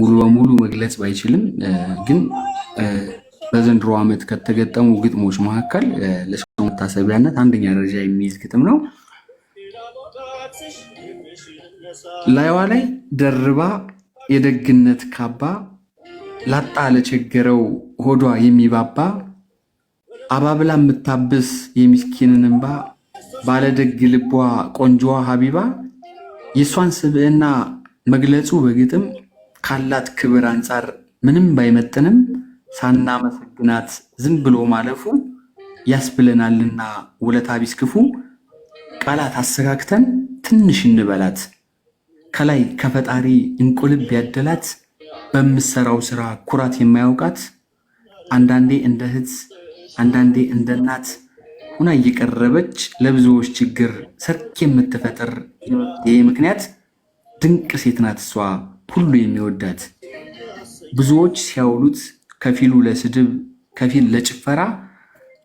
ሙሉ በሙሉ መግለጽ ባይችልም ግን በዘንድሮ ዓመት ከተገጠሙ ግጥሞች መካከል ለሰው መታሰቢያነት አንደኛ ደረጃ የሚይዝ ግጥም ነው። ላይዋ ላይ ደርባ የደግነት ካባ ላጣ ለቸገረው ሆዷ የሚባባ አባብላ የምታብስ የሚስኪንን እንባ ባለደግ ልቧ ቆንጆዋ ሀቢባ የእሷን ስብዕና መግለጹ በግጥም ካላት ክብር አንጻር ምንም ባይመጥንም ሳናመሰግናት ዝም ብሎ ማለፉ ያስብለናልና ውለታ ቢስ ክፉ ቃላት አሰካክተን ትንሽ እንበላት ከላይ ከፈጣሪ እንቁልብ ያደላት በምሰራው ስራ ኩራት የማያውቃት አንዳንዴ እንደ እህት አንዳንዴ እንደ እናት ሁና እየቀረበች ለብዙዎች ችግር ሰርክ የምትፈጥር ምክንያት ድንቅ ሴት ናት እሷ። ሁሉ የሚወዳት ብዙዎች ሲያውሉት ከፊሉ ለስድብ ከፊል ለጭፈራ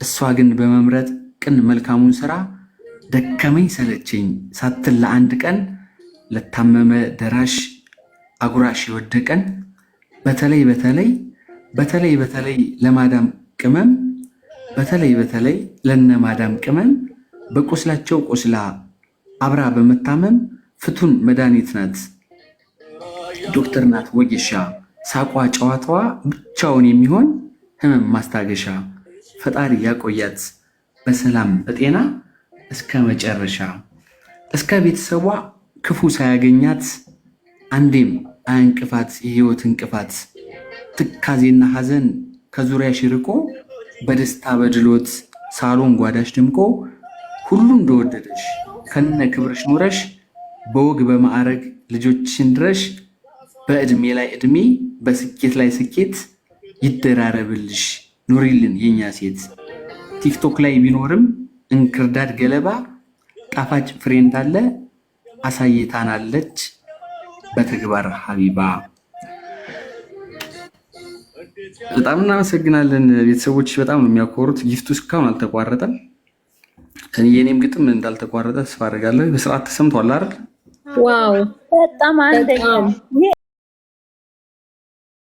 እሷ ግን በመምረጥ ቅን መልካሙን ስራ ደከመኝ ሰለቸኝ ሳትል ለአንድ ቀን ለታመመ ደራሽ አጉራሽ የወደቀን በተለይ በተለይ በተለይ በተለይ ለማዳም ቅመም በተለይ በተለይ ለነ ማዳም ቅመም በቁስላቸው ቆስላ አብራ በመታመም ፍቱን መድኃኒት ናት። ዶክተር ናት ወጌሻ ሳቋ ጨዋታዋ ብቻውን የሚሆን ህመም ማስታገሻ ፈጣሪ ያቆያት በሰላም በጤና እስከ መጨረሻ እስከ ቤተሰቧ ክፉ ሳያገኛት አንዴም አያንቅፋት የህይወት እንቅፋት ትካዜና ሐዘን ከዙሪያ ርቆ በደስታ በድሎት ሳሎን ጓዳሽ ድምቆ ሁሉ እንደወደደሽ ከነ ክብርሽ ኑረሽ በወግ በማዕረግ ልጆችን ድረሽ በእድሜ ላይ እድሜ፣ በስኬት ላይ ስኬት ይደራረብልሽ፣ ኑሪልን የኛ ሴት። ቲክቶክ ላይ ቢኖርም እንክርዳድ ገለባ፣ ጣፋጭ ፍሬ አለ አሳይታናለች በተግባር ሀቢባ። በጣም እናመሰግናለን ቤተሰቦች፣ በጣም ነው የሚያኮሩት። ጊፍቱ እስካሁን አልተቋረጠም። የእኔም ግጥም እንዳልተቋረጠ ተስፋ አድርጋለሁ። በስርዓት ተሰምቷል አይደል? ዋው በጣም አንደኛ